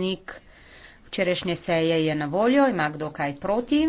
zapisnik včerajšnje seje je na voljo, ima kdo kaj proti.